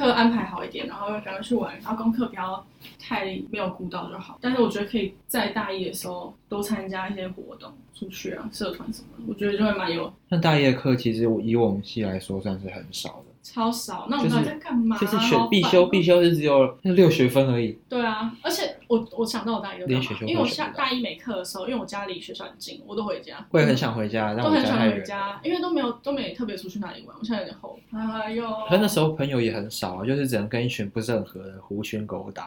課安排好一點，然後又趕快去玩，然後功課不要太沒有顧到就好。但是我覺得可以在大一的時候多參加一些活動，出去啊，社團什麼的，我覺得就會蠻有。那大一的課，其實以我們系來說算是很少的，超少。那我們到底在幹嘛、啊就是？就是選必修休，必修是只有六學分而已。嗯、對啊，而且。我我想到我大一就因為，我下大一沒課的時候，因為我家離學校很近，我都回家。會很想回家，但我家都很想回家，因為都沒有都沒特別出去哪裡玩，我現在有點後悔。哎呦！但那時候朋友也很少，就是只能跟一群不是很合的狐群狗黨。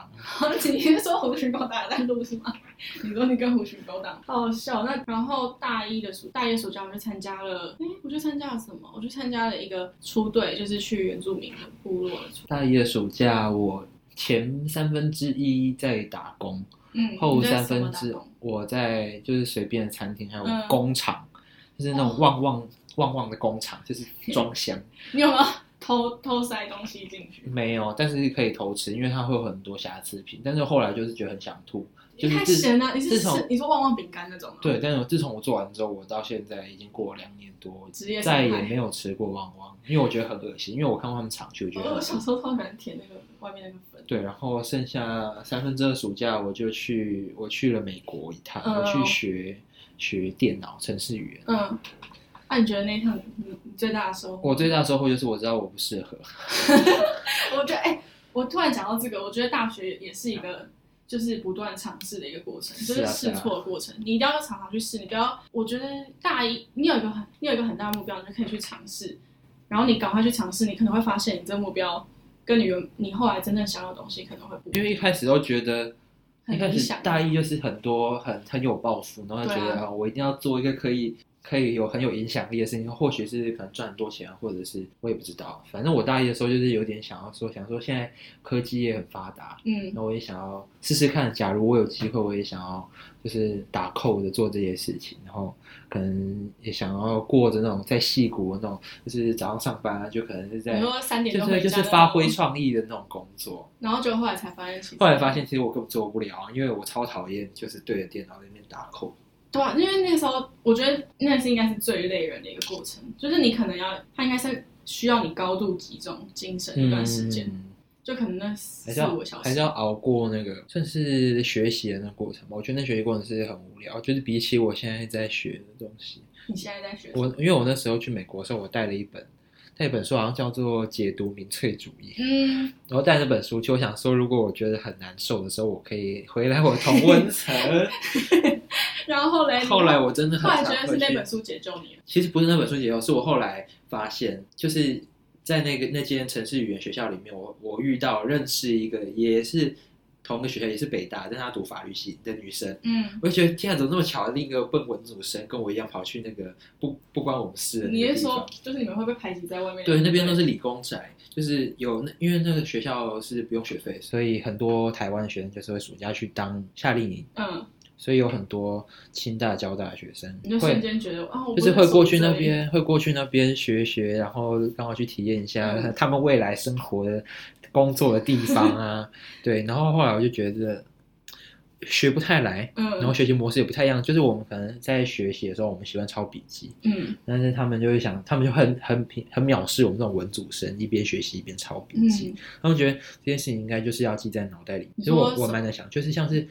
幾天、啊、說狐群狗黨，但都不是嗎？ 你說你跟狐群狗黨？好笑。那然後大一的暑大一暑假我就參加了，誒，我去參加了什麼？我去參加了一個出隊，就是去原住民的部落的。大一的暑假我。前三分之一在打工，嗯、後三分之我在就是隨便的餐廳，還有工廠，嗯、就是那種旺旺、哦、旺旺的工廠，就是裝箱。你有沒有偷偷塞東西進去？沒有，但是可以偷吃，因為它會有很多瑕疵品。但是後來就是覺得很想吐。就是你太鹹了、啊！你是吃種你說旺旺餅乾那種嗎？對，但是自從我做完之後，我到現在已經過了兩年多，再也沒有吃過旺旺，因為我覺得很惡心。因為我看過他們廠區，我覺得、哦。我小時候特別喜歡舔那個外面那個粉。對，然後剩下三分之二暑假，我就去，我去了美國一趟，我、嗯、去學學電腦、程式語言。嗯，那、啊、你覺得那一趟最大的收穫？我最大的收穫就是我知道我不適合。 我覺得，哎、欸，我突然講到這個，我覺得大學也是一個。嗯就是不斷嘗試的一個過程，就是試錯的過程。啊啊、你一定要常常去試，你不要。我覺得大一你有一個很你有一個很大的目標，你就可以去嘗試，然後你趕快去嘗試，你可能會發現你這個目標跟你原你，你後來真正想要的東西可能會不一樣。因為一開始都覺得，一開始大一就是很多很很有抱負，然後覺得啊，我一定要做一個可以。可以有很有影響力的事情，或許是可能賺很多錢，或者是我也不知道。反正我大一的時候就是有點想要說，想說現在科技也很發達，嗯，那我也想要試試看。假如我有機會，我也想要就是打扣的做這些事情，然後可能也想要過着那種在矽谷的那種，就是早上上班啊，就可能是在，比如說三點就是就是發揮創意的那種工作。然後就後來才發現，後來發現其實我根本做不了，因為我超討厭就是對着電腦那邊打扣。對、啊，因為那個時候，我覺得那是應該是最累人的一個過程，就是你可能要，他應該是需要你高度集中精神一段時間，嗯、就可能那四五個小時還是，還是要熬過那個算是學習的那個過程吧。我覺得那學習過程是很無聊，就是比起我現在在學的東西，你現在在學我，因為我那時候去美國的時候，我帶了一本那本書，好像叫做《解讀民粹主義》，嗯，然後帶這本書去，我想說，如果我覺得很難受的時候，我可以回來我同溫層。 然後後來，後來我真的很突然覺得是那本書解救你了。其實不是那本書解救，是我後來發現，就是在那個那間城市語言學校裡面，我我遇到認識一個也是同個學校，也是北大，但她讀法律系的女生。嗯，我就覺得天啊，怎麼那麼巧？另一個笨文組生跟我一樣跑去那個不不關我們事的。你是說，就是你們會被排擠在外面？對，那邊都是理工宅，就是有那因為那個學校是不用學費，所以很多台灣的學生就是會暑假去當夏令營。嗯。所以有很多清大、交大的學生會瞬間覺得就是會過去那邊，會過去那邊學學，然後剛好去體驗一下他們未來生活的工作的地方啊。 對，然後後來我就覺得學不太來，嗯，然後學習模式也不太一樣。就是我們可能在學習的時候，我們喜歡抄筆記，嗯，但是他們就會想，他們就很很平，很藐視我們這種文組生，一邊學習一邊抄筆記。他們覺得這件事情應該就是要記在腦袋裡。其實我我蠻在想，就是像是。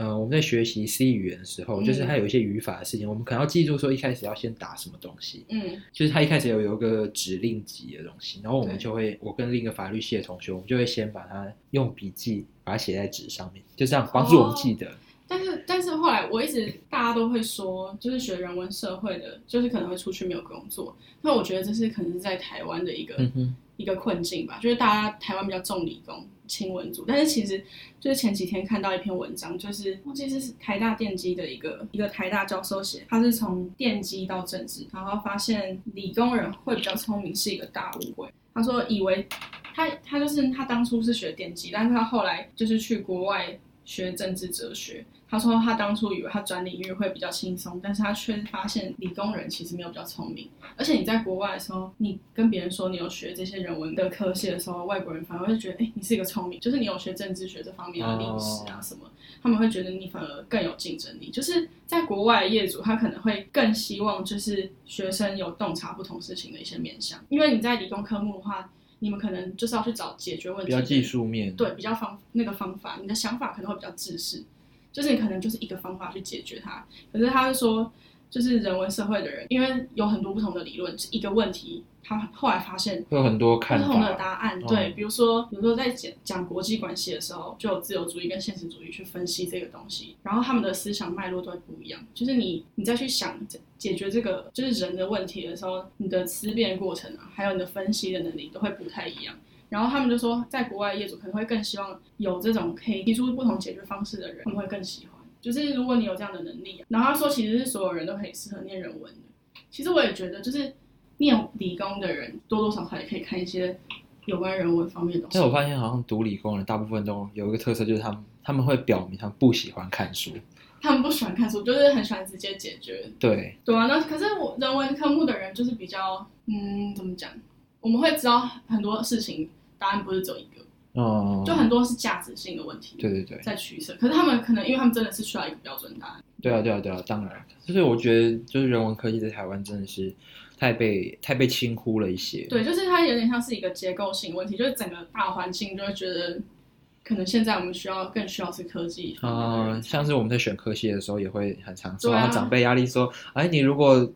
嗯，我們在學習 C 語言的時候，就是它有一些語法的事情，嗯、我們可能要記住說一開始要先打什麼東西。嗯，就是它一開始有有一個指令集的東西，然後我們就會，對我跟另一個法律系的同學，我們就會先把它用筆記把它寫在紙上面，就這樣幫助我們記得、哦。但是，但是後來我一直大家都會說，就是學人文社會的， 就是可能會出去沒有工作。那我覺得這是可能是在台灣的一個、嗯、哼一個困境吧，就是大家台灣比較重理工。親文組，但是其實就是前幾天看到一篇文章，就是估計是台大電機的一個一個台大教授寫，他是從電機到政治，然後發現理工人會比較聰明是一個大誤會。他說以為他他就是他當初是學電機，但是他後來就是去國外。學政治哲學，他說他當初以為他轉領域會比較輕鬆，但是他卻發現理工人其實沒有比較聰明。而且你在國外的時候，你跟別人說你有學這些人文的科系的時候，外國人反而會覺得，欸，你是一個聰明，就是你有學政治學這方面的歷史啊什麼，他們會覺得你反而更有競爭力。就是在國外，業主他可能會更希望就是學生有洞察不同事情的一些面向，因為你在理工科目的話。你們可能就是要去找解決問題，比較技術面，對，比較方那個方法，你的想法可能會比較自私。就是你可能就是一個方法去解決它。可是他就說，就是人文社會的人，因為有很多不同的理論，是一個問題他後來發現有很多不同的答案。對，比如說，比如說在講講國際關係的時候，就有自由主義跟現實主義去分析這個東西，然後他們的思想脈絡都會不一樣。就是你你再去想。解決這個就是人的問題的時候，你的思辨過程啊，還有你的分析的能力都會不太一樣。然後他們就說，在國外業主可能會更希望有這種可以提出不同解決方式的人，他們會更喜歡。就是如果你有這樣的能力、啊，然後他說其實是所有人都可以適合念人文。其實我也覺得，就是念理工的人多多少少也可以看一些有關人文方面的東西。但我發現好像讀理工的大部分都有一個特色，就是他們他們會表明他們不喜歡看書。他們不喜歡看書，就是很喜歡直接解決。對，對啊，那可是我人文科目的人就是比較，嗯，怎麼講？我們會知道很多事情答案不是只有一個，哦，就很多是價值性的問題。對對對，在取捨。可是他們可能因為他們真的是需要一個標準答案。對啊對啊對啊，對啊，當然，就是我覺得就是人文科技在台灣真的是太被太被輕忽了一些。對，就是它有點像是一個結構性問題，就是整個大環境就會覺得。可能現在我們需要更需要是科技啊，嗯、像是我們在選科系的時候，也會很常、說、然後長輩壓力說：“哎，你如果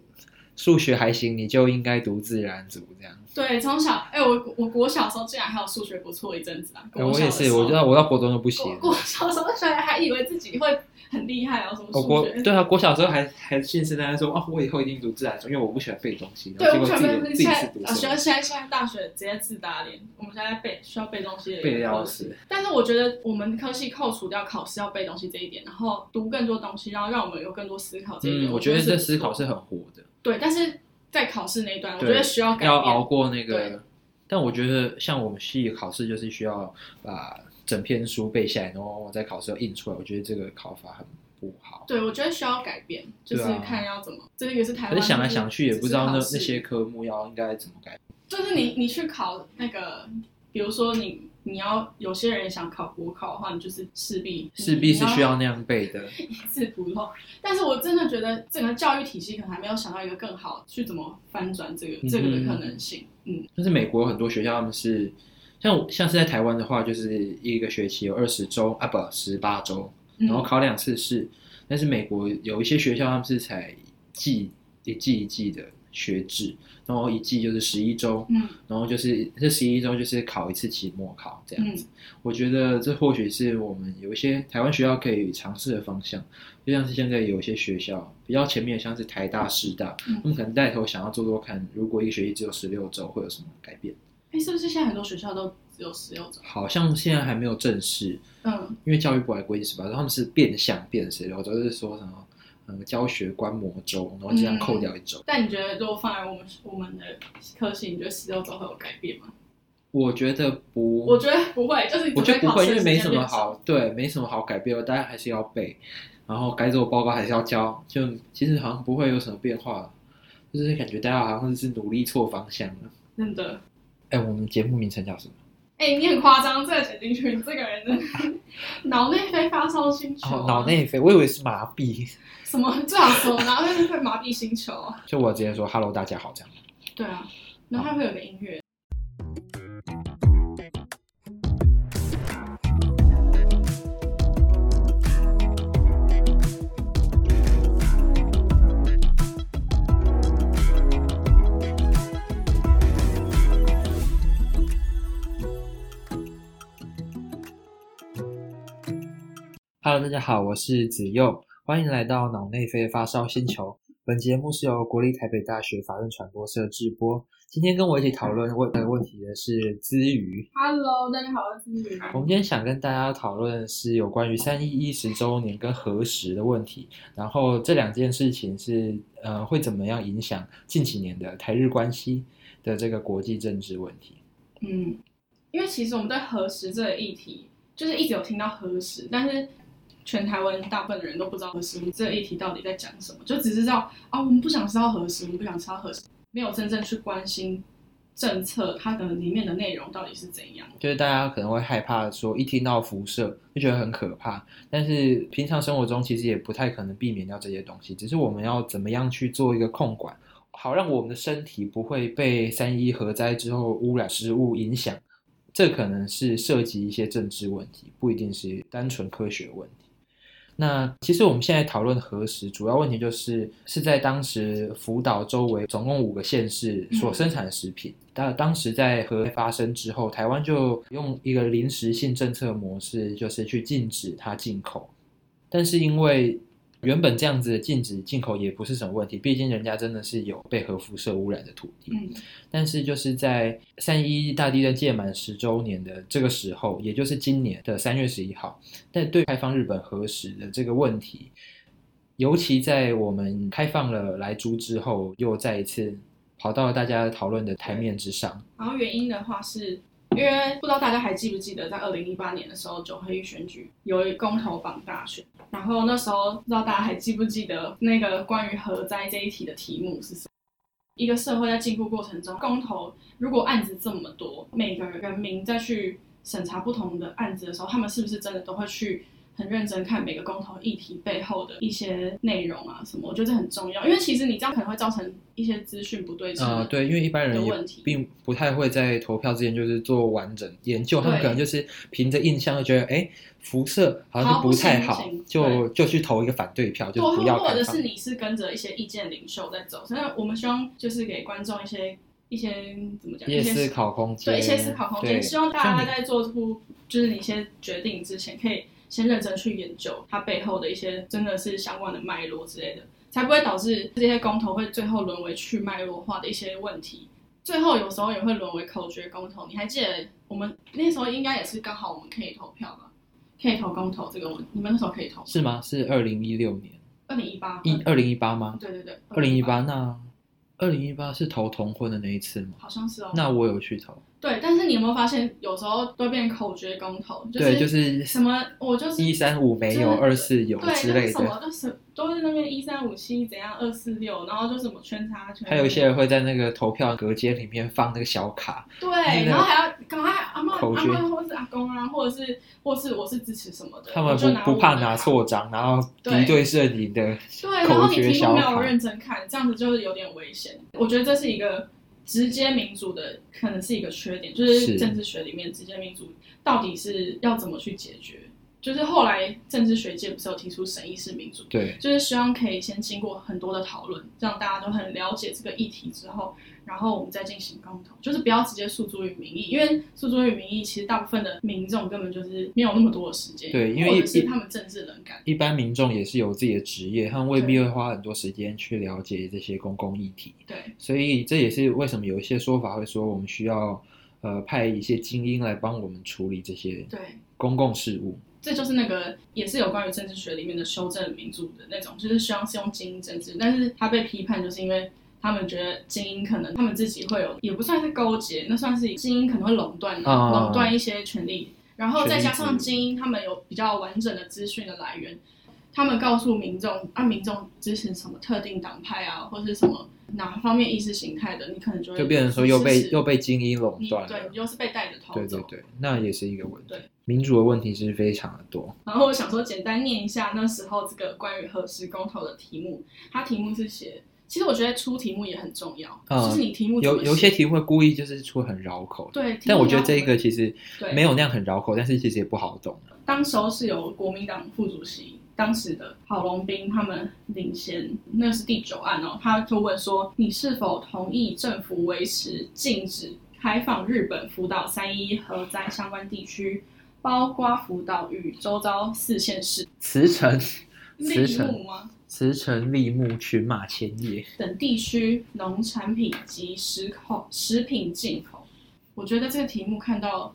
數學還行，你就應該讀自然組這樣。”對，從小哎、欸，我我國小時候竟然還有數學不錯一陣子啊、欸！我也是，我覺得我到國中就不行了國。國小時候居然還以為自己會很厲害、啊，然後什麼數學我？對啊，國小時候還還現實在說啊，我以後一定讀自然中，因為我不喜歡背東西。對，我不喜歡背東西，現在啊，現在現在大學直接自打臉，我們現在，在背需要背東西。背的要死。但是我覺得我們科系扣除掉考試要背東西這一點，然後讀更多東西，然後讓我們有更多思考。這一點、嗯、我覺得這思考是很活的。對，但是。在考試那一段，對我覺得需要改變，要熬過那個。對但我覺得像我們系考試，就是需要把整篇書背下來，然後我在考試要印出來。我覺得這個考法很不好。對，我覺得需要改變，就是看要怎麼。啊、這個也是臺灣。可是想來想去也不知道那那，那些科目要應該怎麼改變。就是你、嗯、你去考那個，比如說你。你要有些人想考國考的話，你就是勢必勢必是需要那樣背的， 一字不漏。但是我真的覺得整個教育體系可能還沒有想到一個更好去怎麼翻轉這個這個的可能性。嗯，嗯，但是美國很多學校他們是像像是在台灣的話，就是一個學期有二十周啊，不十八周，然後考兩次試。嗯，但是美國有一些學校他們是才季，也記，一季一季的。學制，然後一季就是十一週，嗯，然後就是這十一週就是考一次期末考這樣子。嗯、我覺得這或許是我們有一些台灣學校可以嘗試的方向，就像是現在有一些學校比較前面，像是台大、師大，我、嗯嗯、們可能帶頭想要做做看，如果一個學期只有十六週，會有什麼改變？哎、欸，是不是現在很多學校都只有十六週？好像現在還沒有正式，嗯，因為教育部還規定十八週，他們是變相變十六週，就是說什麼？教學觀摩周，然後這樣扣掉一周。嗯、但你覺得，如果放在我們我們的科系，你覺得十六周會有改變嗎？我覺得不，我覺得不會，就是我覺得不會，因為沒什麼好，對，沒什麼好改變的，大家還是要背，然後該做報告還是要交，就其實好像不會有什麼變化，就是感覺大家好像是努力錯方向了。真的，哎、欸，我們節目名稱叫什麼？哎、欸，你很誇張，這個剪進去，這個人真的腦內啡發燒星球、啊。腦內啡，我以為是麻痹。什麼這樣說呢？然後就是會麻痹星球、啊？ 就我直接說哈嘍大家好，這樣。對啊，然後它會有個音樂。Oh. Hello，大家好，我是子佑，歡迎來到腦內飛發燒星球。本節目是由國立台北大學法政傳播社製播。今天跟我一起討論問的問題的是姿瑜。Hello，大家好，姿瑜。我們今天想跟大家討論的是有關於三一一十週年跟核食的問題。然後這兩件事情是呃會怎麼樣影響近幾年的台日關係的這個國際政治問題？嗯，因為其實我們在「核食這個議題就是一直有聽到核食，但是。全台灣大部分的人都不知道核食這一題到底在講什麼，就只知道啊、哦，我們不想知道核食，我們不想知道核食，沒有真正去關心政策它的裡面的內容到底是怎樣。就是大家可能會害怕說，一聽到輻射就覺得很可怕，但是平常生活中其實也不太可能避免掉這些東西，只是我們要怎麼樣去做一個控管，好讓我們的身體不會被三一核災之後污染食物影響。這可能是涉及一些政治問題，不一定是單純科學問題。那其實我們現在討論核食，主要問題就是是在當時福島周圍總共五個縣市所生產的食品。但、嗯、當時在核發生之後，台灣就用一個臨時性政策模式，就是去禁止它進口。但是因為原本這樣子的禁止進口也不是什麼問題，畢竟人家真的是有被核輻射污染的土地。嗯，但是就是在三一一大地震屆滿十週年的這個時候，也就是今年的三月十一號，但對開放日本核食的這個問題，尤其在我們開放了萊豬之後，又再一次跑到大家討論的台面之上。然後原因的話是。因為不知道大家還記不記得，在二零一八年的時候，九合一選舉有公投綁大選，然後那時候不知道大家還記不記得那個關於核災這一題的題目是什麼？一個社會在進步過程中，公投如果案子這麼多，每個人民在去審查不同的案子的時候，他們是不是真的都會去很認真看每個公投議題背後的一些內容啊什麼？我覺得這很重要，因為其實你這樣可能會造成。一些資訊不對稱啊、嗯，對，因為一般人也並不太會在投票之前就是做完整研究，對他們可能就是憑着印象就覺得，哎、欸，輻射好像不太好，好就就去投一個反對票，就是，不要。或者是你是跟着一些意見領袖在走，所以我們希望就是給觀眾一些一些怎麼講，一些思考空間，對，一些思考空間，對希望大家在做出就是你一些決定之前，可以先認真去研究它背後的一些真的是相關的脈絡之類的。才不會導致這些公投會最後淪為去脈絡化的一些問題，最後有時候也會淪為口訣公投。你還記得我們那時候應該也是剛好我們可以投票嗎？可以投公投這個問題。你們那時候可以投票是嗎？是二零一六年、二零一八、一、二零一八嗎？對對對，二零一八，那二零一八是投同婚的那一次嗎？好像是哦。那我有去投。對，但是你有沒有發現，有時候都變成口訣公投，就是什麼我、就是、就是一三五沒有，就二四有之類的，都、就是什麼什麼都是那邊一三五七怎樣，二四六，然後就什麼圈叉圈差。還有一些人會在那個投票隔間裡面放那個小卡，對，哎那個、然後還要趕快阿媽阿媽或是阿公啊，或者是或是我是支持什麼的，他們不，就拿、啊、不怕拿錯張，然後敵對陣營的口訣小卡。對，然後你有沒有認真看？這樣子就是有點危險，我覺得這是一個。直接民主的可能是一個缺點，就是政治學裡面直接民主到底是要怎麼去解決？就是後來政治學界不是有提出審議式民主，對，就是希望可以先經過很多的討論，讓大家都很了解這個議題之後，然後我們再進行公投。就是不要直接訴諸於民意，因為訴諸於民意，其實大部分的民眾根本就是沒有那麼多的時間，對，因為或者是他們政治能幹，一般民眾也是有自己的職業，他們未必會花很多時間去了解這些公共議題，對，所以這也是為什麼有一些說法會說我們需要呃派一些精英來幫我們處理這些對公共事務。這就是那個也是有關於政治學裡面的修正民主的那種，就是希望是用精英政治，但是他被批判，就是因為他們覺得精英可能他們自己會有，也不算是勾結，那算是精英可能會壟斷壟斷一些權力，然後再加上精英他們有比較完整的資訊的來源，他們告訴民眾啊，民眾支持什麼特定黨派啊，或是什麼哪方面意識形態的，你可能就會試試就變成說又被又被精英壟斷了你，對，又是被帶着頭，對對對，那也是一個問題。對民主的問題是非常的多，然後我想說，簡單念一下那時候這個關於核食公投的題目，它題目是寫，其實我覺得出題目也很重要，嗯、就是你題目有有些題目會故意就是出很繞口，對，但我覺得這個其實沒有那樣很繞口，對但是其實也不好懂。當時候是由國民黨副主席當時的郝龍斌他們領銜，那是第九案哦，他就問說，你是否同意政府維持禁止開放日本福島三一核災相關地區，包括福島與周遭四縣市、茨城程、栃木嗎？茨城栃木、群馬、千葉等地區農產品及食口食品進口，我覺得這個題目看到，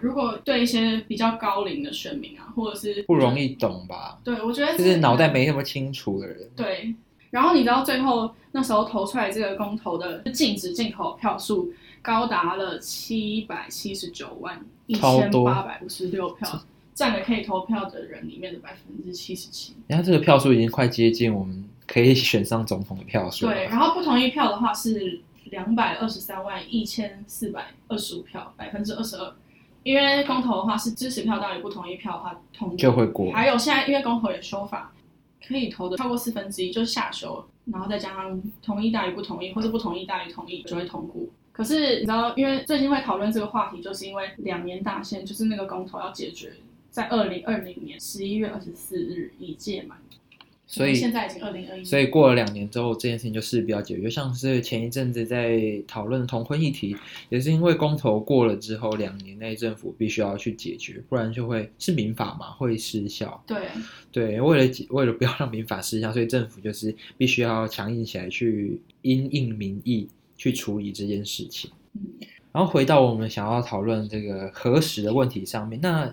如果對一些比較高齡的選民啊，或者是不容易懂吧？對，我覺得、這個、就是腦袋沒那麼清楚的人。對，然後你知道最後那時候投出來這個公投的禁止進口票數。高達了七百七十九萬一千八百五十六票，占多了可以投票的人裡面的百分之七十七。然後這個票數已經快接近我們可以選上總統的票數。對，然後不同意票的話是兩百二十三萬一千四百二十五票，百分之二十二。因為公投的話是支持票大於不同意票的話通就會過。還有現在因為公投有修法，可以投的超過四分之一就下修，然後再加上同意大於不同意或者不同意大於同意就會通過。可是你知道，因為最近會討論這個話題，就是因為兩年大限，就是那個公投要解決在二零二零年十一月二十四日已屆滿，所以現在已經二零二一，所以過了兩年之後，這件事情就勢必要解決。像是前一陣子在討論同婚議題，也是因為公投過了之後，兩年內政府必須要去解決，不然就會是民法嘛會失效。對對，為了解，為了不要讓民法失效，所以政府就是必須要強硬起來，去因應民意，去處理這件事情，然後回到我們想要討論這個核食的問題上面。那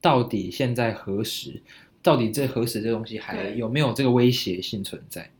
到底現在核食，到底這核食這東西還對有沒有這個威脅性存在？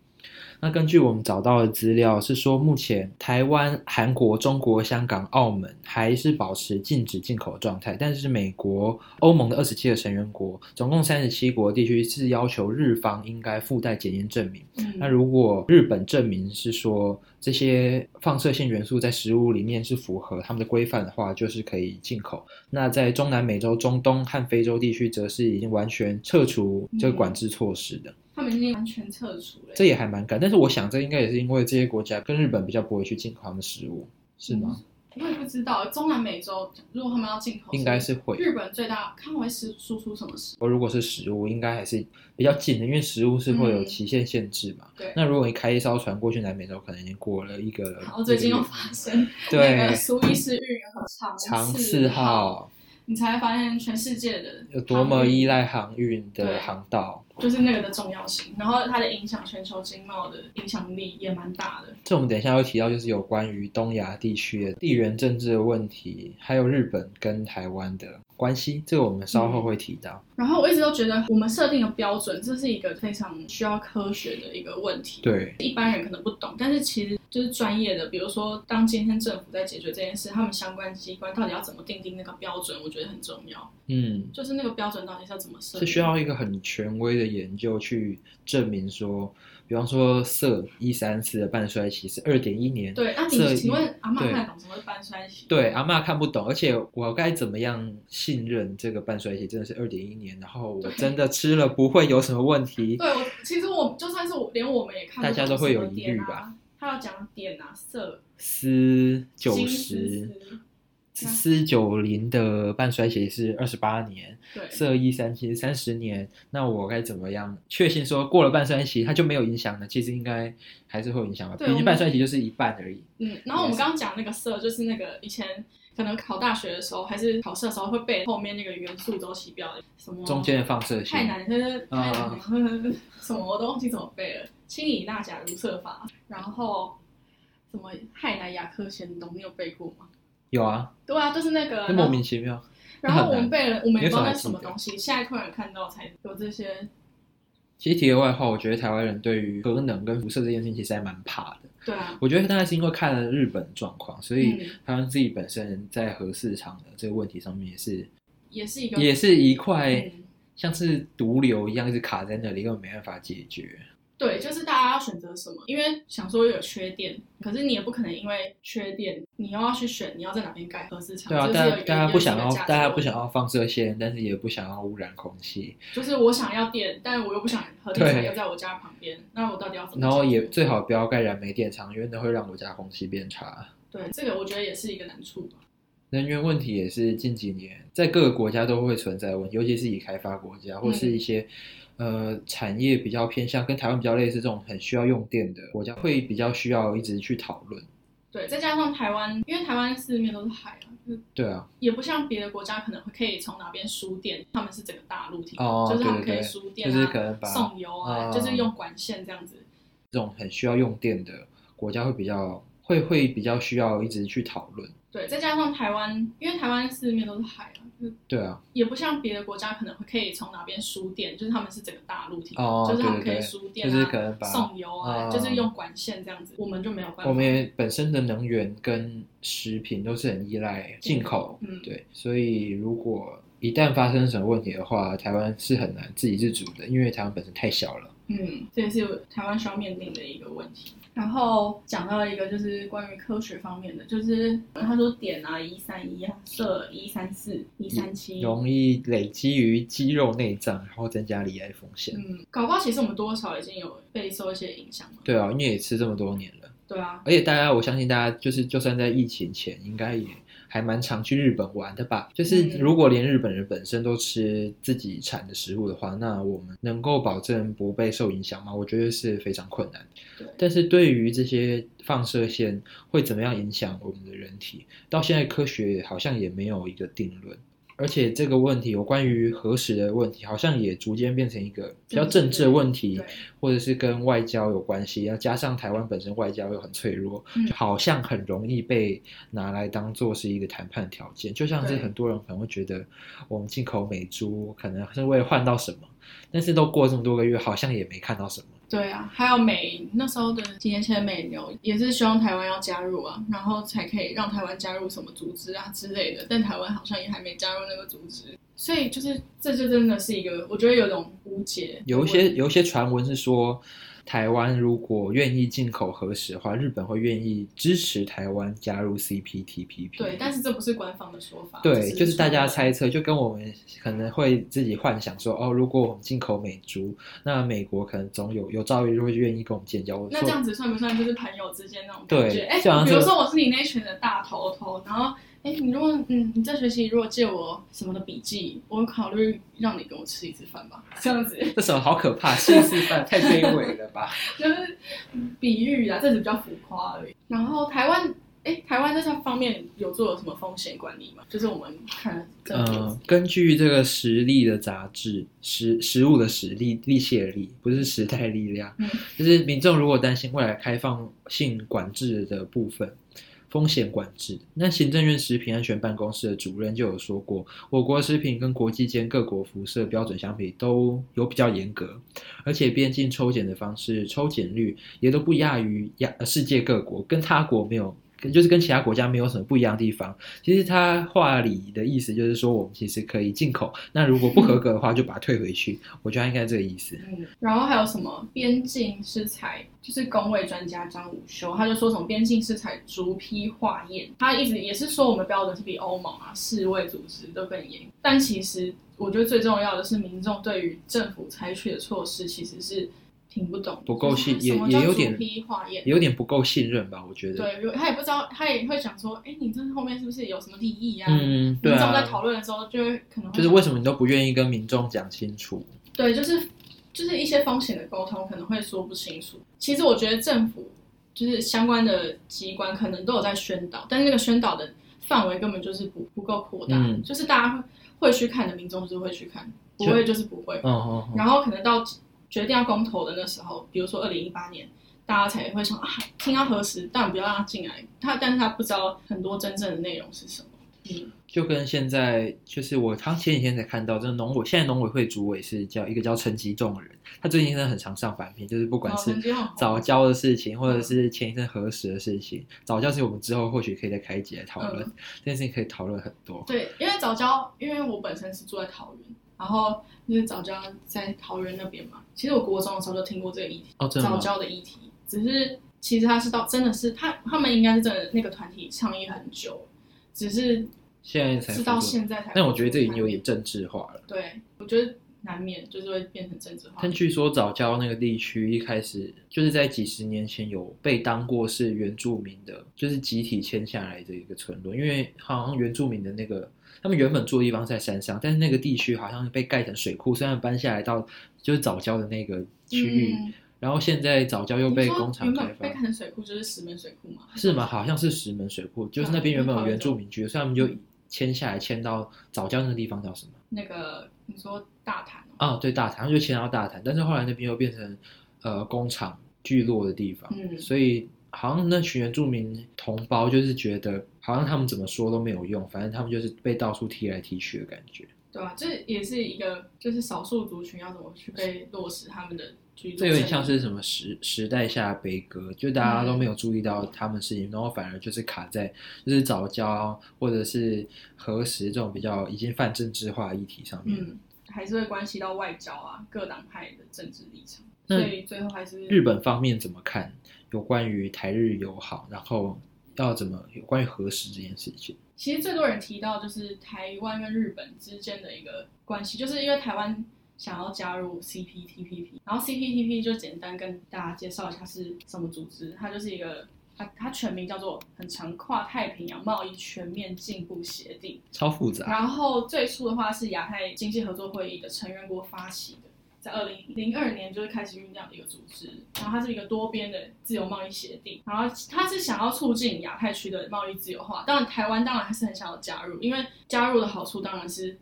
那根據我們找到的資料是說，目前台灣、韓國、中國、香港、澳門還是保持禁止進口狀態，但是美國、歐盟的二十七個成員國，總共三十七國地區是要求日方應該附帶檢驗證明。嗯、那如果日本證明是說這些放射性元素在食物裡面是符合他們的規範的話，就是可以進口。那在中南美洲、中東和非洲地區，則是已經完全撤除這個管制措施的。嗯他們已經完全撤出了，這也還蠻趕，但是我想這應該也是因為這些國家跟日本比較不會去進口他們的食物，是嗎？我也、嗯、不知道，中南美洲如果他們要進口，應該是會。日本最大，看會是輸出什麼食物？如果是食物，應該還是比較緊的，因為食物是會有期限限制嘛。嗯、對。那如果你開一艘船過去南美洲，可能已經過了一個了。然後最近又發生對那個蘇伊士運河長四號，號你才發現全世界的有多麼依賴航運的航道。就是那個的重要性，然後它的影響全球經貿的影響力也蠻大的。這我們等一下會提到，就是有關於東亞地區的地緣政治的問題，還有日本跟台灣的關係，這個我們稍後會提到。嗯，然後我一直都覺得我們設定的標準，這是一個非常需要科學的一個問題。對，一般人可能不懂，但是其實就是專業的，比如說當今天政府在解決這件事，他們相關機關到底要怎麼訂定那個標準，我覺得很重要。嗯，就是那個標準到底是要怎麼設？是需要一個很權威的。研究去證明說，比方說色一三四的半衰期是二點一年。對，那您請問阿媽看懂什麼半衰期？對，阿媽看不懂，而且我該怎麼樣信任這個半衰期真的是二點一年？然後我真的吃了不會有什麼問題？對，其實我就算是我連我們也看大家都會有疑慮吧。他要講點啊，色四九十。四九零的半衰期是二十八年，對色一三七三十年，那我該怎麼樣確信說，過了半衰期它就沒有影響呢？其實應該還是會有影響吧，平均半衰期就是一半而已。嗯，然後我們剛剛講那個色，就是那個以前可能考大學的時候還是考試的時候會背後面那個元素周期表什麼中間的放射性太難，真的太、啊、什麼我都忘記怎麼背了。清理納甲如銫法。然後什麼氦南牙科先氡，你有背過嗎？有啊，對啊，就是那個莫名其妙，它然後我們被人，我們也不什麼東西，下一塊人看到才有這些。其實，題外話，我覺得台灣人對於核能跟輻射這件事情其實還蠻怕的。對啊，我覺得大概是因為看了日本的狀況，所以他們自己本身在核市場的這個問題上面也是，也是一個，也是一塊像是毒瘤一樣一直卡在那裡，根本沒辦法解決。對，就是大家要選擇什麼，因為想說有缺電，可是你也不可能因為缺電，你又要去選你要在哪邊蓋核電廠。對啊，就是大家不想要，大家不想要放射線，但是也不想要汙染空氣，就是我想要電，但我又不想核電廠要在我家旁邊，對那我到底要怎麼，然後也最好不要蓋燃煤電廠，因為那會讓我家空氣變差。對，這個我覺得也是一個難處吧。能源問題也是近幾年在各個國家都會存在問題，尤其是以開發國家或是一些。嗯呃，產業比較偏向跟台灣比較類似，這種很需要用電的國家會比較需要一直去討論。對，再加上台灣，因為台灣四面都是海啊。對啊。也不像別的國家，可能會可以從哪邊輸電，他們是整個大陸哦，就是他們可以輸電，啊，對對對，就是可能把送油啊，嗯、就是用管線這樣子。這種很需要用電的國家會比較會會比較需要一直去討論。對，再加上台灣，因為台灣四面都是海啊，對啊，也不像別的國家，可能會可以從哪邊輸電，就是他們是整個大陸、哦、就是他們可以輸電、啊對對對，就是可能把送油啊，嗯、就是用管線這樣子，我們就沒有辦法。我們本身的能源跟食品都是很依賴進口，對，嗯、對，所以如果。一旦發生什麼問題的話，台灣是很難自給自足的，因為台灣本身太小了。嗯，這也是台灣需要面臨的一個問題。然後講到一個就是關於科學方面的，就是他說點啊一三一啊射一三四一三七，1, 12, 13 4, 13容易累積於肌肉內臟，然後增加離癌風險。嗯，搞瓜其實我們多少已經有被受一些影響了。對啊，因為也吃這麼多年了。對啊，而且大家我相信大家就是就算在疫情前，應該也。還蠻常去日本玩的吧，就是如果連日本人本身都吃自己產的食物的話，那我們能夠保證不被受影響嗎？我覺得是非常困難。對但是對於這些放射線會怎麼樣影響我們的人體，到現在科學好像也沒有一個定論。而且這個問題有關於核食的問題，好像也逐漸變成一個比較政治的問題，嗯、或者是跟外交有關係。要加上台灣本身外交又很脆弱，就好像很容易被拿來當做是一個談判條件。就像是很多人可能會覺得，我們進口美豬可能是為了換到什麼，但是都過這麼多個月，好像也沒看到什麼。對啊，還有美那時候的幾年前，美牛也是希望台灣要加入啊，然後才可以讓台灣加入什麼組織啊之類的。但台灣好像也還沒加入那個組織，所以就是這就真的是一個，我覺得有種誤解有一。有一些有一些傳聞是說。台灣如果願意進口核食的話，日本會願意支持台灣加入 CPTPP。對，但是這不是官方的說法，對，就是、就是大家猜測，就跟我們可能會自己幻想說，哦，如果我們進口美豬，那美國可能總有有朝一日會願意跟我們建交。我說那這樣子算不算就是朋友之間那種感覺？哎對，欸、比如說我是你那群的大頭頭，然後。哎，你如果嗯，你這學期，如果借我什麼的筆記，我考慮讓你跟我吃一次飯吧。這樣子，這什麼好可怕？吃一次飯 太卑微了吧？就是比喻啊，這比較浮誇而已。然後台灣，哎，台灣在這些方面有做了什麼風險管理嗎？就是我們看，嗯，根據這個食力的雜誌，食，食物的食，力氣的力，不是時代力量，嗯、就是民眾如果擔心未來開放性管制的部分。風險管制，那行政院食品安全辦公室的主任就有說過，我國食品跟國際間各國輻射標準相比，都有比較嚴格，而且邊境抽檢的方式、抽檢率也都不亞於亞世界各國，跟他國沒有。就是跟其他國家沒有什麼不一樣的地方。其實他話裡的意思就是說，我們其實可以進口。那如果不合格的話，就把它退回去。 我覺得他應該這個意思。嗯，然後還有什麼邊境食材，就是公衛專家張武修，他就說什麼邊境食材逐批化驗。他一直也是說，我們標準是比歐盟啊、世衛組織都更嚴。但其實我覺得最重要的是，民眾對於政府採取的措施其實是。聽不懂，不夠信，也也有點，也有點不夠信任吧？我覺得，對，他也不知道，他也會想說，哎、欸，你這後面是不是有什麼利益啊？嗯，對啊。民眾在討論的時候，就會可能會就是為什麼你都不願意跟民眾講清楚？對，就是就是一些風險的溝通可能會說不清楚。其實我覺得政府就是相關的機關可能都有在宣導，但是那個宣導的範圍根本就是不不夠擴大，嗯、就是大家會，會去看的民眾就是會去看，不會就是不會，嗯嗯就，然後可能到。決定要公投的那時候，比如說二零一八年，大家才會想啊，聽他核食，但不要讓他進來。他但是他不知道很多真正的內容是什麼？嗯，就跟現在，就是我他前幾天才看到，這、就、的、是、農、農委，現在農委會主委是叫一個叫陳吉仲的人，他最近真的很常上版面，就是不管是藻礁的事情，或者是前一陣核食的事情，藻礁是我們之後或許可以再開一集討論，這件事情可以討論很多。對，因為藻礁，因為我本身是住在桃園。然後就是藻礁在桃園那邊嘛，其實我國中的時候就聽過這個議題，哦，藻礁的議題，只是其實他是到真的是他他們應該是真的那個團體倡議很久，只是現在才，是到現在才。但我覺得這已經有點政治化了。對，我覺得難免就是會變成政治化。但據說藻礁那個地區一開始就是在幾十年前有被當過是原住民的，就是集體遷下來的一個村落，因為好像原住民的那個。他們原本住的地方在山上，但是那個地區好像是被蓋成水庫。雖然搬下來到就是藻礁的那個區域，嗯、然後現在藻礁又被工廠開發，被蓋成水庫就是石門水庫嗎？是嗎？好像是石門水庫，就是那邊原本有原住民居，嗯、所以他們就遷下來，遷到藻礁那個地方叫什麼？那個你說大潭、哦？啊、嗯，對，大潭就遷到大潭，但是後來那邊又變成呃工廠聚落的地方，嗯，所以好像那群原住民同胞就是覺得。好像他們怎麼說都沒有用，反正他們就是被到處踢來踢去的感覺。對啊，這也是一個就是少數族群要怎麼去被落實他們的居住。這有點像是什麼時時代下的悲歌，就大家都沒有注意到他們事情，嗯、然後反而就是卡在就是藻礁或者是核食這種比較已經泛政治化議題上面。嗯，還是會關係到外交啊，各黨派的政治立場，所以最後還是日本方面怎麼看有關於台日友好，然後。到怎麼有關於核食這件事情？其實最多人提到就是台灣跟日本之間的一個關係，就是因為台灣想要加入 CPTPP，然後 CPTPP 就簡單跟大家介紹一下是什麼組織，它就是一個它它全名叫做《很長跨太平洋貿易全面進步協定》，超複雜。然後最初的話是亞太經濟合作會議的成員國發起的。在二零零二年就會開始醞釀的一個組織，然後它是一個多邊的自由貿易協定，然後它是想要促進亞太區的貿易自由化。當然，台灣當然還是很想要加入，因為加入的好處當然是。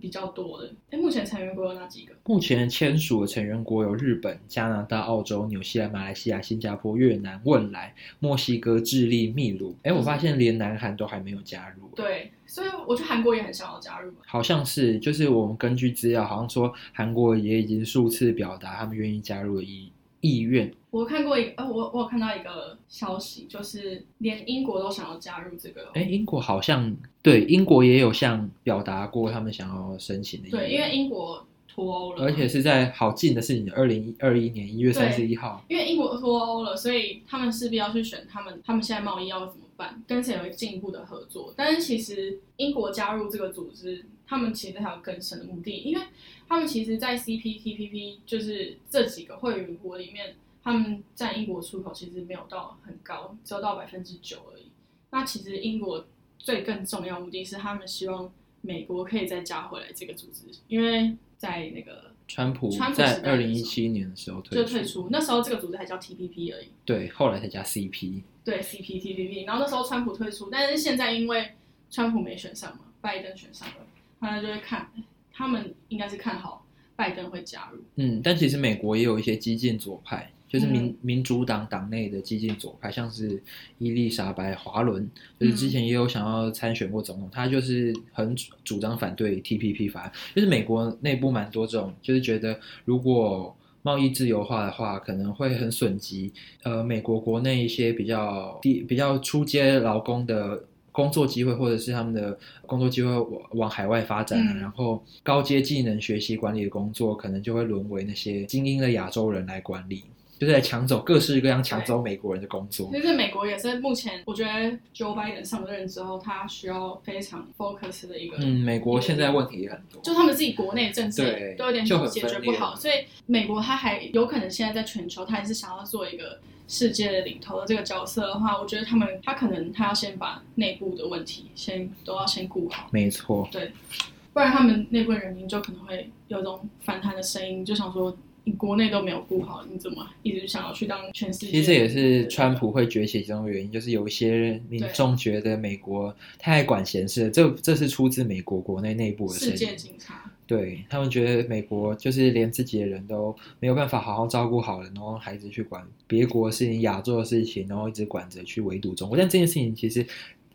比較多的，哎、欸，目前成員國有哪幾個？目前簽署的成員國有日本、加拿大、澳洲、紐西蘭、馬來西亞、新加坡、越南、汶萊、墨西哥、智利、秘魯。哎、欸，我發現連南韓都還沒有加入。對，所以我覺得韓國也很想要加入。好像是，就是我們根據資料，好像說韓國也已經數次表達他們願意加入的意意願。我看過一，呃，我我有看到一個消息，就是連英國都想要加入這個。哎、欸，英國好像對英國也有像表達過他們想要申請的意願。對，因為英國脫歐了，而且是在好近的事情，二零二一年一月三十一號。因為英國脫歐了，所以他們勢必要去選他們，他們現在貿易要怎麼辦，跟誰有進一步的合作？但是其實英國加入這個組織，他們其實還有更深的目的，因為他們其實，在 CPTPP 就是這幾個會員國裡面。他們在英國出口其實沒有到很高，只有到百分之九而已。那其實英國最更重要目的是他們希望美國可以再加回來這個組織，因為在那個川普在二零一七年的時候就退出，退那時候這個組織還叫 T P P 而已。對，後來才加 C P。對 C P T P P。然後那時候川普退出，但是現在因為川普沒選上嘛，拜登選上了，後來就會看他們應該是看好拜登會加入。嗯，但其實美國也有一些激進左派。就是民民主黨黨內、嗯、的激進左派，像是伊麗莎白·華倫，就是之前也有想要參選過總統。嗯、他就是很主主張反對 TPP 法案。就是美國內部蠻多這種，就是覺得如果貿易自由化的話，可能會很損及呃美國國內一些比較低、比較初階勞工的工作機會，或者是他們的工作機會往，往海外發展、嗯、然後高階技能學習管理的工作，可能就會淪為那些精英的亞洲人來管理。就是搶走各式各樣，搶走美國人的工作。其實美國也是目前，我覺得 Joe Biden 上任之後，他需要非常 focus 的一個。嗯，美國現在問題也很多，就他們自己國內政策都有點解決不好，所以美國他還有可能現在在全球，他還是想要做一個世界的領頭的這個角色的話，我覺得他們他可能他要先把內部的問題先都要先顧好。沒錯。對，不然他們內部的人民就可能會有一種反彈的聲音，就想說。你國內都沒有顧好，你怎麼一直想要去當全世界？其實這也是川普會崛起其中原因，就是有一些民眾覺得美國太管閒事了。這這是出自美國國內內部的事情。世界警察。對，他們覺得美國就是連自己的人都沒有辦法好好照顧好了，然後孩子去管別國事情，亞洲的事情，然後一直管着去圍堵中國。但這件事情其實，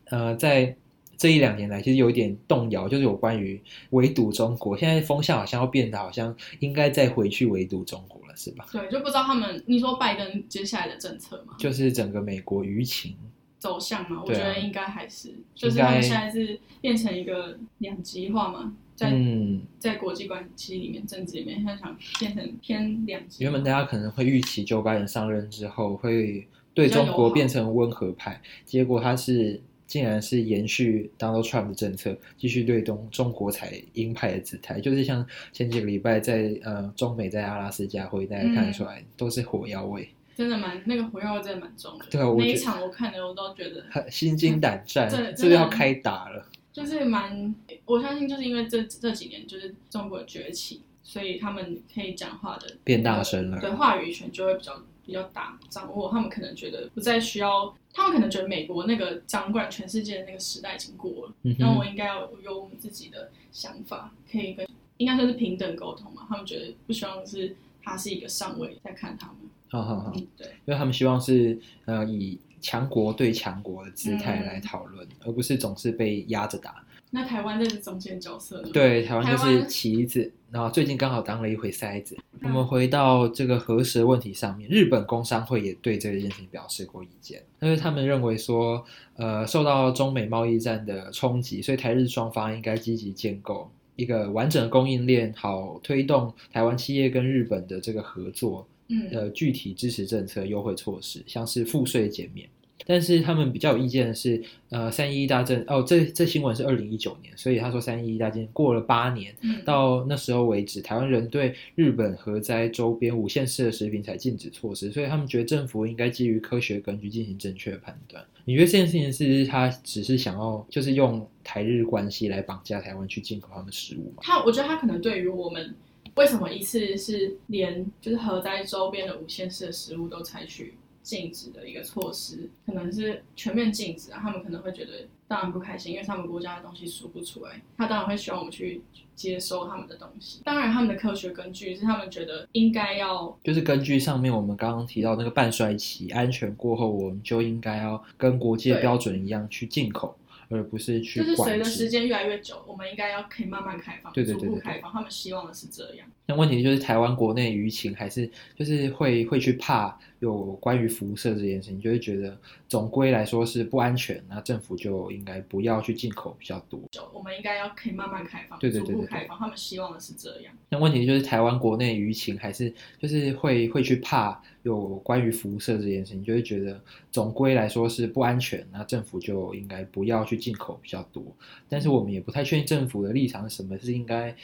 呃，在。這一兩年來，其實有一點動搖，就是有關於圍堵中國。現在風向好像要變得，好像應該再回去圍堵中國了，是吧？對，就不知道他們，你說拜登接下來的政策嘛？就是整個美國輿情走向嘛？我覺得應該還是，啊、就是他們現在是變成一個兩極化嘛該，在在國際關係裡面、政治裡面，他想變成偏兩極。原本大家可能會預期，就拜登上任之後會對中國變成溫和派，結果他是。竟然是延續 Donald Trump 的政策，繼續對中中國採鷹派的姿態，就是像前幾個禮拜在呃中美在阿拉斯加會，大家、嗯、看出來都是火藥味，真的蠻那個火藥味真的蠻重的。對啊，我每一場我看的我都覺得很心驚膽戰，嗯、這是要開打了。就是蠻我相信，就是因為這這幾年就是中國的崛起，所以他們可以講話的變大聲了，對、呃、話語權就會比較。比較大掌握，他們可能覺得不再需要，他們可能覺得美國那個掌管全世界的那個時代已經過了，嗯、哼那我應該要有我們自己的想法，可以跟應該說是平等溝通嘛。他們覺得不希望是他是一個上位在看他們，好好好，嗯、對，因為他們希望是呃以強國對強國的姿態來討論，嗯、而不是總是被壓着打。那台灣就是中間角色了，對，台灣就是棋子，灣然後最近剛好當了一回塞子。啊、我們回到這個核食問題上面，日本工商會也對這件事情表示過意見，因為他們認為說，呃，受到中美貿易戰的衝擊，所以台日雙方應該積極建構一個完整的供應鏈，好推動台灣企業跟日本的這個合作。嗯，的、呃、具體支持政策、優惠措施，像是賦稅減免。但是他們比較有意見的是，呃，三一一大震哦，這這新聞是二零一九年，所以他說三一一大震過了八年，到那時候為止，台灣人對日本核災周邊五縣市的食品採禁止措施，所以他們覺得政府應該基於科學根據進行正確的判斷。你覺得這件事情是他只是想要就是用台日關係來綁架台灣去進口他們食物嗎？他我覺得他可能對於我們為什麼一次是連就是核災周邊的五縣市的食物都採取。禁止的一個措施，可能是全面禁止啊。他們可能會覺得當然不開心，因為他們國家的東西輸不出來，他當然會希望我們去接收他們的東西。當然，他們的科學根據是他們覺得應該要，就是根據上面我們剛剛提到那個半衰期安全過後，我們就應該要跟國際的標準一樣去進口，對而不是去。就是隨着時間越來越久，我們應該要可以慢慢開放，逐步開放。他們希望的是這樣。那問題就是台灣國內輿情還是就是會會去怕。有關於輻射這件事情，你就會覺得總歸來說是不安全，那政府就應該不要去進口比較多。我們應該要可以慢慢開放，對對、對、對、對、對開放。他們希望的是這樣。那問題就是台灣國內輿情還是就是會會去怕有關於輻射這件事情，你就會覺得總歸來說是不安全，那政府就應該不要去進口比較多。但是我們也不太確定政府的立場是什麼，是應該，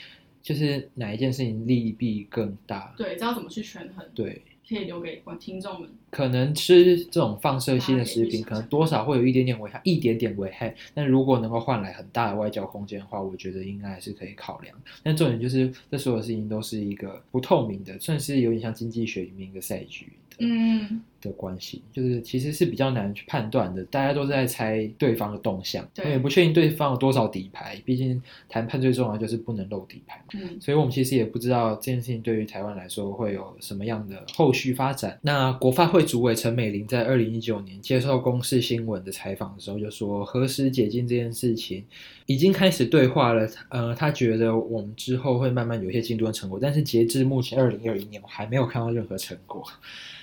就是哪一件事情利弊更大？對，知道怎麼去權衡。對。可以留給聽眾們。可能吃這種放射性的食品，可能多少會有一點點危害，一點點危害。但如果能夠換來很大的外交空間的話，我覺得應該還是可以考量。但重點就是，這所有事情都是一個不透明的，算是有點像經濟學裡面一個賽局的的關係，就是其實是比較難去判斷的。大家都在猜對方的動向，也不確定對方有多少底牌。畢竟談判最重要就是不能露底牌。嗯，所以我們其實也不知道這件事情對於台灣來說會有什麼樣的後續發展。那國發會。主委陳美玲在二零一九年接受《公視新聞》的採訪的時候就說：“何時解禁這件事情已經開始對話了。呃，他覺得我們之後會慢慢有一些進度和成果，但是截至目前二零二一年，我還沒有看到任何成果，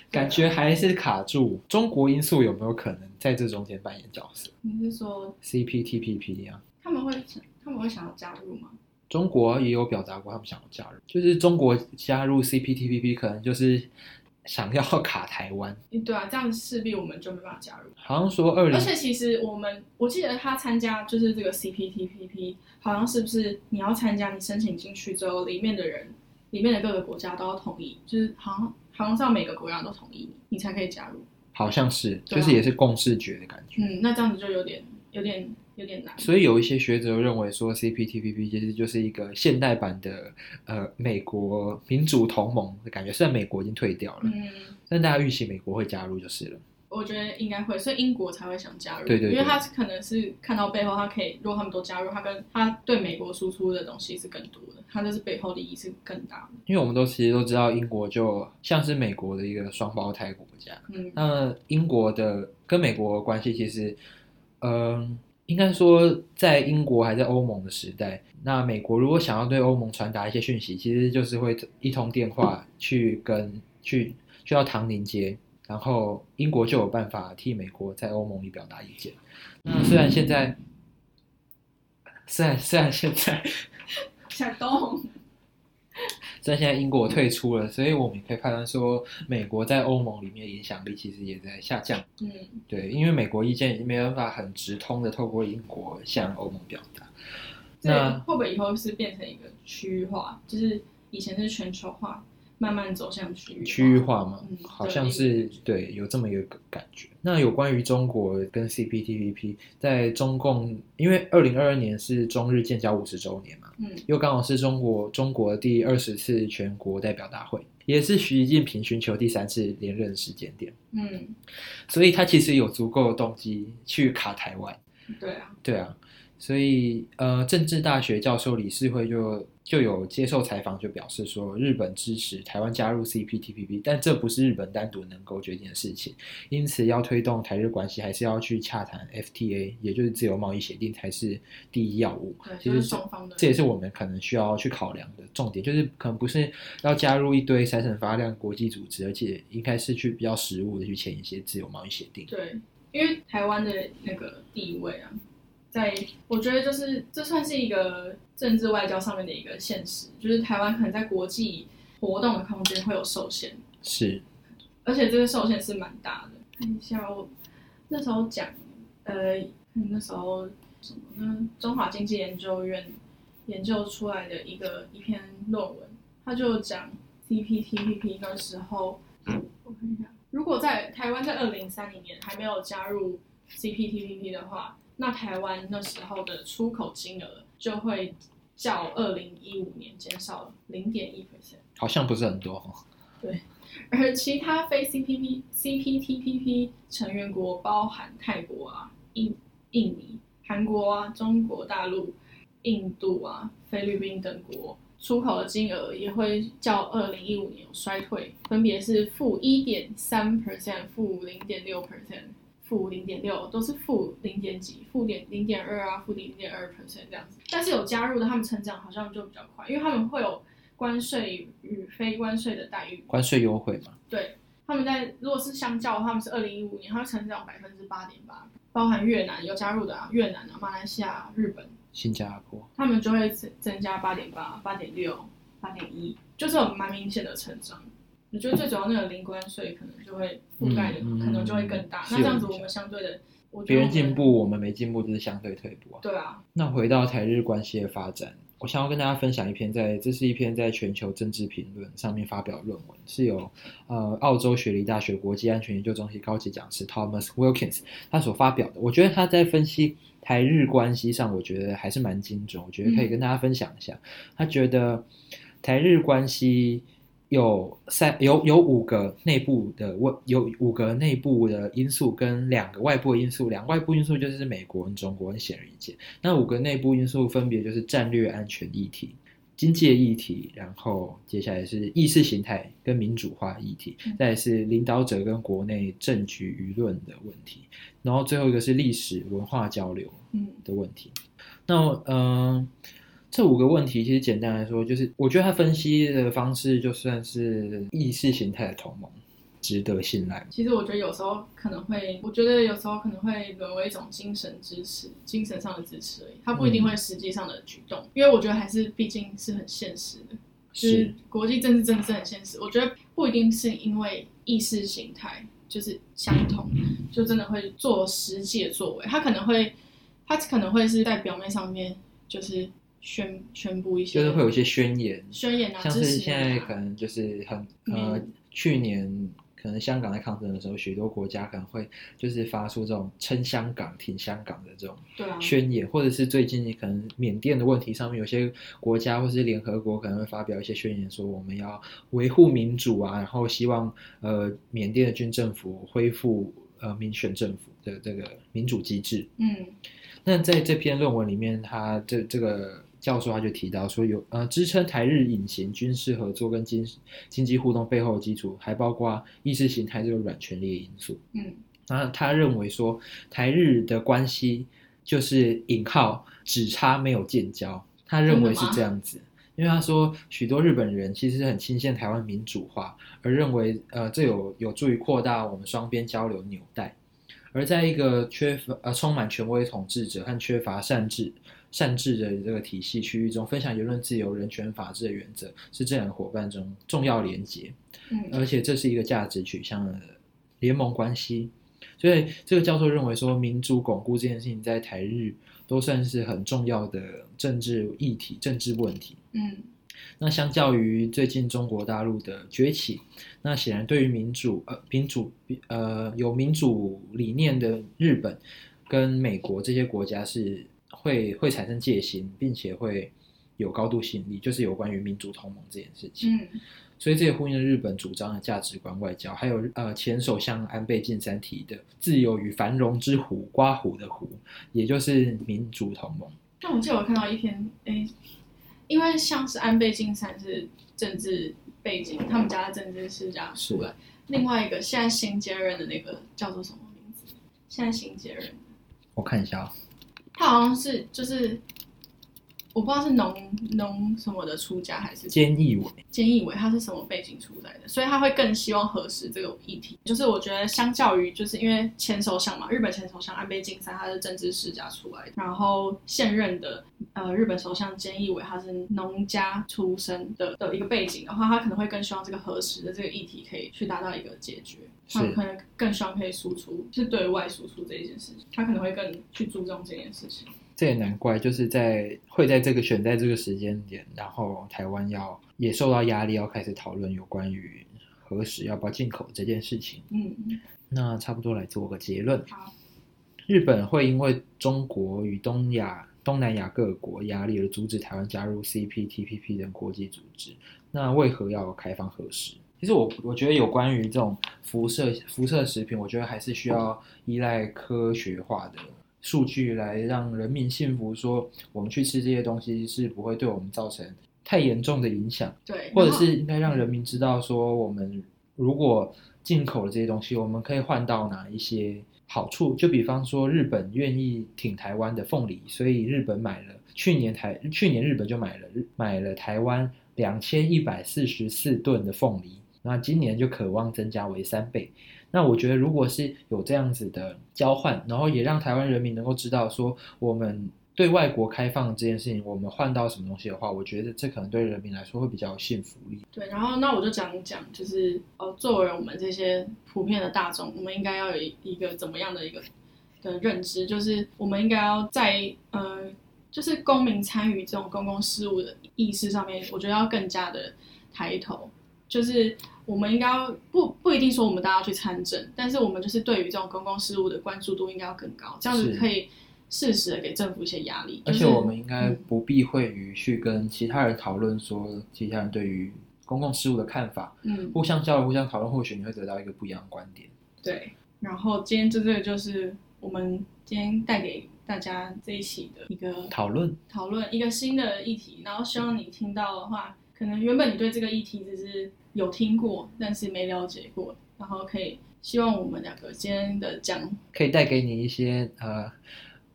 感覺還是卡住。中國因素有沒有可能在這中間扮演角色？你是說 CPTPP 啊？他們會他們會想要加入嗎？中國也有表達過他們想要加入，就是中國加入 CPTPP 可能就是。”想要卡台灣，對啊，這樣勢必我們就沒辦法加入。好像說二零，而且其實我們我記得他參加就是這個 CPTPP，好像是不是你要參加，你申請進去之後，裡面的人，裡面的各個國家都要同意，就是好像好像是要每個國家都同意你，你才可以加入。好像是，啊、就是也是共識決的感覺。嗯，那這樣子就有點有點。有點難，所以有一些學者認為說，CPTPP 其實就是一個現代版的、嗯、呃美國民主同盟的感覺。雖然美國已經退掉了，嗯，但大家預期美國會加入就是了。我覺得應該會，所以英國才會想加入，對，對對，因為他可能是看到背後他可以，如果他們都加入，他跟他對美國輸出的東西是更多的，他就是背後利益是更大。因為我們都其實都知道，英國就像是美國的一個雙胞胎國家，嗯，那英國的跟美國的關係其實，嗯、呃。應該說，在英國還在歐盟的時代，那美國如果想要對歐盟傳達一些訊息，其實就是會一通電話去跟去去到唐寧街，然後英國就有辦法替美國在歐盟裡表達意見。那、嗯、雖然現在，雖然雖然現在小東。在現在英國退出了，嗯、所以我們可以判斷說，美國在歐盟裡面影響力其實也在下降。嗯，對，因為美國意見已經沒有辦法很直通的透過英國向歐盟表達。以那會不會以後是變成一個區域化？就是以前是全球化？慢慢走向區域區域化嘛，嗯、好像是對，對有這麼一個感覺。那有關於中國跟 CPTPP，在中共因為二零二二年是中日建交五十周年嘛，嗯，又剛好是中國中國第二十次全國代表大會，嗯、也是習近平尋求第三次連任時間點，嗯，所以他其實有足夠的動機去卡台灣，對啊，對啊。所以，呃，政治大學教授李世暉就就有接受採訪，就表示說，日本支持台灣加入 CPTPP，但這不是日本單獨能夠決定的事情。因此，要推動台日關係，還是要去洽談 FTA，也就是自由貿易協定，才是第一要務。其實是雙方的。這也是我們可能需要去考量的重點，就是可能不是要加入一堆閃閃發亮國際組織，而且應該是去比較實務的去簽一些自由貿易協定。對，因為台灣的那個地位啊。在我覺得就是這算是一個政治外交上面的一個現實，就是台灣可能在國際活動的空間會有受限。是，而且這個受限是蠻大的。看一下哦，那時候講，呃，那時候什麼呢？中華經濟研究院研究出來的一個一篇論文，他就講 CPTPP 那時候，我看一下，如果在台灣在二零三零年還沒有加入 CPTPP 的話。那台灣那時候的出口金額就會較二零一五年減少了零點一 percent，好像不是很多哦。對，而其他非 C P P C P T P P 成員國，包含泰國啊、印印尼、韓國啊、中國大陸、印度啊、菲律賓等國，出口的金額也會較二零一五年衰退，分別是負一點三 percent、負零點六 percent。負零點六都是負零點幾，負點零點二啊，負零點二 percent 這樣子。但是有加入的，他們成長好像就比較快，因為他們會有關稅與非關稅的待遇，關稅優惠嘛。對，他們在如果是相較的話，他們是二零一五年，它成長百分之八點八，包含越南有加入的啊，越南啊，馬來西亞、啊、日本、新加坡，他們就會增增加八點八、八點六、八點一，就是有蠻明顯的成長。我覺得最主要那個零關稅可能就會覆蓋的，嗯、可能就會更大。嗯、那這樣子我們相對的我覺得，別人進步，我們沒進步，就是相對退步啊。對啊。那回到台日關係的發展，我想要跟大家分享一篇在，在這是一篇在全球政治評論上面發表論文，是由呃澳洲雪梨大學國際安全研究中心高級講師 Thomas Wilkins 他所發表的。我覺得他在分析台日關係上，我覺得還是蠻精準。我覺得可以跟大家分享一下。嗯、他覺得台日關係。有三有有五個內部的問，有五個內部的因素跟兩個外部因素。兩個外部因素就是美國跟中國，很顯而易見。那五個內部因素分別就是戰略安全議題、經濟議題，然後接下來是意識形態跟民主化議題，再是領導者跟國內政局輿論的問題，然後最後一個是歷史文化交流的問題。那嗯、呃。這五個問題其實簡單來說，就是我覺得他分析的方式就算是意識形態的同盟，值得信賴。其實我覺得有時候可能會，我覺得有時候可能會淪為一種精神支持、精神上的支持而已。他不一定會實際上的舉動，嗯、因為我覺得還是畢竟是很現實的，就是國際政治政治很現實。我覺得不一定是因為意識形態就是相同，嗯、就真的會做實際的作為。他可能會，他可能會是在表面上面就是。宣宣佈一些就是會有一些宣言，宣言啊，像是現在可能就是很、啊、呃，去年可能香港在抗爭的時候，許、嗯、多國家可能會就是發出這種稱香港挺香港的這種宣言，啊、或者是最近可能緬甸的問題上面，有些國家或是聯合國可能會發表一些宣言，說我們要維護民主啊，然後希望呃緬甸的軍政府恢復呃民選政府的這個民主機制。嗯，那在這篇論文裡面，他這這個。教授他就提到說有，有呃支撐台日隱形軍事合作跟經經濟互動背後的基礎，還包括意識形態這個軟權力因素。嗯，然後他，他認為說，台日的關係就是引號只差沒有建交，他認為是這樣子，因為他說許多日本人其實很欽羨臺灣民主化，而認為呃這有有助於擴大我們雙邊交流紐帶，而在一個缺乏呃充滿權威統治者和缺乏善治，善治的這個體系區域中，分享言論自由、人權、法治的原則是這兩個夥伴中重要連結，嗯，而且這是一個價值取向的聯盟關係。所以，這個教授認為說，民主鞏固這件事情在台日都算是很重要的政治議題、政治問題。嗯，那相較於最近中國大陸的崛起，那顯然對於民主呃民主呃有民主理念的日本跟美國這些國家是，會會產生戒心，並且會有高度警惕，就是有關於民主同盟這件事情。嗯，所以這也呼應了日本主張的價值觀外交，還有呃前首相安倍晉三提的“自由與繁榮之弧”——括弧的弧，也就是民主同盟。那我記得我看到一篇，哎，因為像是安倍晉三是政治背景，他們家的政治世家。是啊。另外一個現在新接任的那個叫做什麼名字？現在新接任的，我看一下哦。好像是就是。我不知道是農農什麼的出家還是菅義偉，菅義偉他是什麼背景出來的，所以他會更希望核食這個議題。就是我覺得，相較於就是因為前首相嘛，日本前首相安倍晉三他是政治世家出來的，然後現任的呃日本首相菅義偉他是農家出身的的一個背景的話，他可能會更希望這個核食的這個議題可以去達到一個解決，是他可能更希望可以輸出，是對外輸出這一件事情，他可能會更去注重這件事情。這也難怪，就是在會在這個選在這個時間點，然後台灣要也受到壓力，要開始討論有關於核食要不要進口這件事情。嗯嗯，那差不多來做個結論。好日本會因為中國與東亞、東南亞各國壓力而阻止台灣加入 CPTPP 等國際組織。那為何要開放核食？其實我我覺得有關於這種輻射、輻射食品，我覺得還是需要依賴科學化的。數據來讓人民信服，說我們去吃這些東西是不會對我們造成太嚴重的影響。對，或者是應該讓人民知道，說我們如果進口了這些東西，我們可以換到哪一些好處？就比方說，日本願意挺台灣的鳳梨，所以日本買了，去年台，去年日本就買了買了台灣兩千一百四十四噸的鳳梨，那今年就可望增加為三倍。那我覺得，如果是有這樣子的交換，然後也讓台灣人民能夠知道說，我們對外國開放這件事情，我們換到什麼東西的話，我覺得這可能對人民來說會比較有信服力。對，然後那我就講講，就是，哦，作為我們這些普遍的大眾，我們應該要有一個怎麼樣的一個的認知，就是我們應該要在呃，就是公民參與這種公共事務的意識上面，我覺得要更加的抬頭，就是。我們應該不不一定說我們大家要去參政，但是我們就是對於這種公共事務的關注度應該要更高，這樣子可以適時的給政府一些壓力。就是、而且我們應該不避諱於去跟其他人討論說、嗯、其他人對於公共事務的看法，嗯，互相交流、互相討論，或許你會得到一個不一樣的觀點。對，然後今天這個就是我們今天帶給大家這一期的一個討論，討論一個新的議題，然後希望你聽到的話，嗯、可能原本你對這個議題只是。有聽過，但是沒了解過，然後可以希望我們兩個今天的講可以帶給你一些呃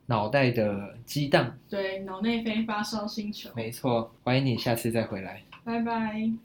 腦袋的激盪。對，腦內非發燒星球。沒錯，歡迎你下次再回來，拜拜。